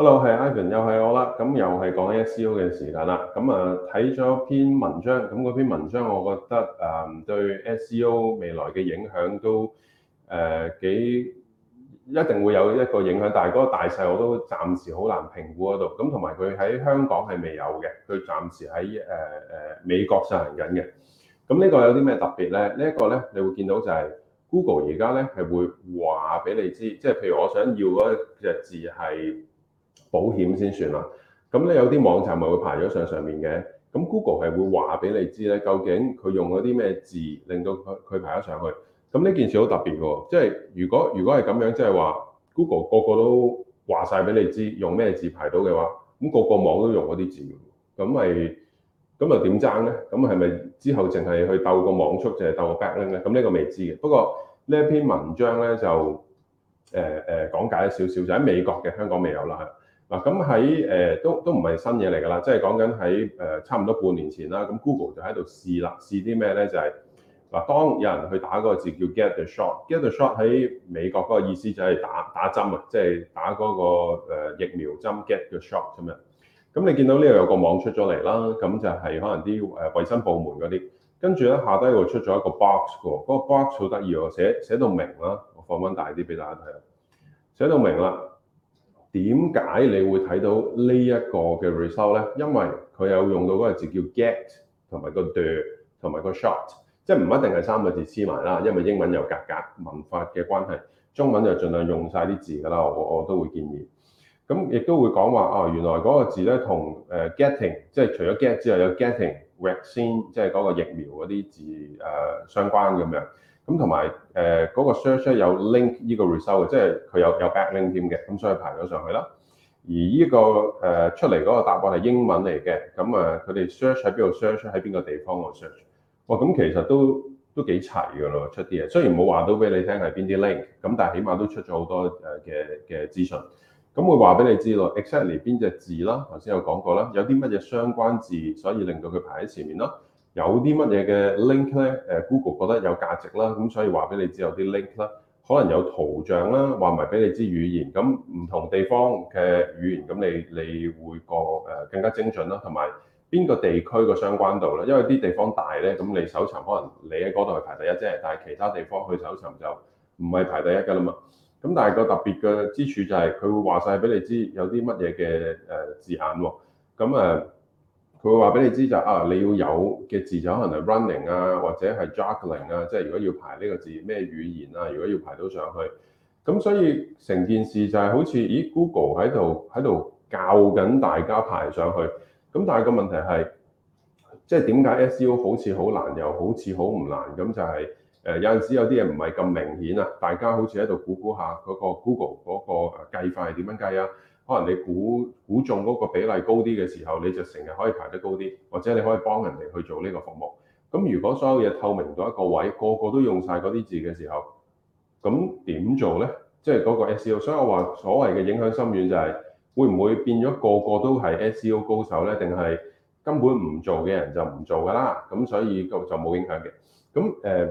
hello，係 Ivan 又係我啦。咁又係講 SEO 嘅時間啦。咁啊，睇咗篇文章，咁嗰篇文章我覺得誒對 SEO 未來嘅影響都誒、呃、幾一定會有一個影響，但係嗰個大細我都暫時好難評估嗰度。咁同埋佢喺香港係未有嘅，佢暫時喺誒誒美國進行緊嘅。咁呢個有啲咩特別咧？這個、呢一個咧，你會見到就係 Google 而家咧係會話俾你知，即、就、係、是、譬如我想要嗰隻字係。保險先算啦。咁咧有啲網站咪會排咗上上面嘅。咁 Google 係會話俾你知咧，究竟佢用咗啲咩字令到佢佢排得上去。咁呢件事好特別嘅，即係如果如果係咁樣，即係話 Google 個、個個都話晒俾你知用咩字排到嘅話，咁、咁個個網都用嗰啲字咁咪，咁啊點爭咧？咁係咪之後淨係去鬥個網速，淨係鬥個 backlink 咧？咁呢個未知嘅。不過呢一篇文章咧就誒誒、呃呃、講解少少，就喺、係、美國嘅，香港未有啦。嗱，咁喺誒都都唔係新嘢嚟㗎啦，即係講緊喺誒差唔多半年前啦，咁 Google 就喺度試啦，試啲咩咧？就係嗱，當有人去打嗰個字叫 get the shot，get the shot 喺美國嗰個意思就係打打針啊，即係打嗰個誒疫苗針 get the shot 咁樣。咁你見到呢度有個網出咗嚟啦，咁就係可能啲誒衞生部門嗰啲，跟住咧下低又出咗一個 box 喎，嗰個 box 好得意喎，寫寫到明啦，我放翻大啲俾大家睇，寫到明啦。點解你會睇到呢一個嘅 result 咧？因為佢有用到嗰個字叫 get，同埋個 do，同埋個 shot，即係唔一定係三個字黐埋啦。因為英文有格格文法嘅關係，中文就盡量用晒啲字㗎啦。我我都會建議。咁亦都會講話哦，原來嗰個字咧同誒 getting，即係除咗 get 之外有 getting vaccine，即係嗰個疫苗嗰啲字誒、呃、相關咁樣。咁同埋誒嗰個 search 咧，有 link 呢個 result 嘅，即係佢有有 backlink 添嘅，咁所以排咗上去啦。而呢個誒出嚟嗰個答案係英文嚟嘅，咁啊佢哋 search 喺邊度 search 喺邊個地方 search？哇，咁其實都都幾齊㗎咯，出啲嘢。雖然冇話到俾你聽係邊啲 link，咁但係起碼都出咗好多誒嘅嘅資訊。咁我話俾你知咯，exactly 邊隻字啦，頭先有講過啦，有啲乜嘢相關字，所以令到佢排喺前面咯。有啲乜嘢嘅 link 咧？誒 Google 覺得有價值啦，咁所以話俾你知有啲 link 啦，可能有圖像啦，話埋俾你知語言。咁唔同地方嘅語言，咁你你會個誒更加精準啦，同埋邊個地區嘅相關度咧？因為啲地方大咧，咁你搜尋可能你喺嗰度係排第一啫，但係其他地方去搜尋就唔係排第一噶啦嘛。咁但係個特別嘅之處就係、是、佢會話晒俾你知有啲乜嘢嘅誒字眼喎、哦。咁誒。佢會話俾你知就啊，你要有嘅字就可能係 running 啊，或者係 juggling 啊，即係如果要排呢個字咩語言啊，如果要排到上去，咁所以成件事就係好似，咦，Google 喺度喺度教緊大家排上去，咁但係個問題係，即係點解 SEO 好似好難，又好似好唔難咁就係，誒有陣時有啲嘢唔係咁明顯啊，大家好似喺度估估下嗰個 Google 嗰個誒計法係點樣計啊？可能你估估中嗰個比例高啲嘅時候，你就成日可以排得高啲，或者你可以幫人哋去做呢個服務。咁如果所有嘢透明到一個位，個個都用晒嗰啲字嘅時候，咁點做呢？即係嗰個 SEO。所以我話所謂嘅影響深遠就係、是、會唔會變咗個個都係 SEO 高手呢？定係根本唔做嘅人就唔做㗎啦。咁所以就冇影響嘅。咁誒，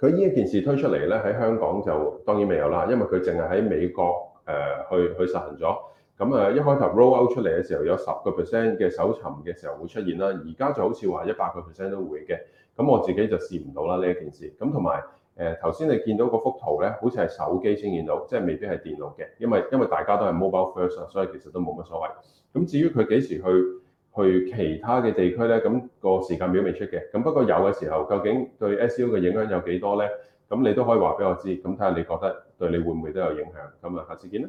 佢呢一件事推出嚟呢，喺香港就當然未有啦，因為佢淨係喺美國。誒、呃、去去實行咗，咁誒一開頭 roll out 出嚟嘅時候有十個 percent 嘅搜尋嘅時候會出現啦，而家就好似話一百個 percent 都會嘅，咁我自己就試唔到啦呢一件事。咁同埋誒頭先你見到嗰幅圖咧，好似係手機先見到，即係未必係電腦嘅，因為因為大家都係 mobile first 所以其實都冇乜所謂。咁至於佢幾時去去其他嘅地區咧，咁、個時間表未出嘅。咁不過有嘅時候，究竟對 SEO 嘅影響有幾多咧？咁你都可以話俾我知，咁睇下你覺得對你會唔會都有影響？咁啊，下次見啦！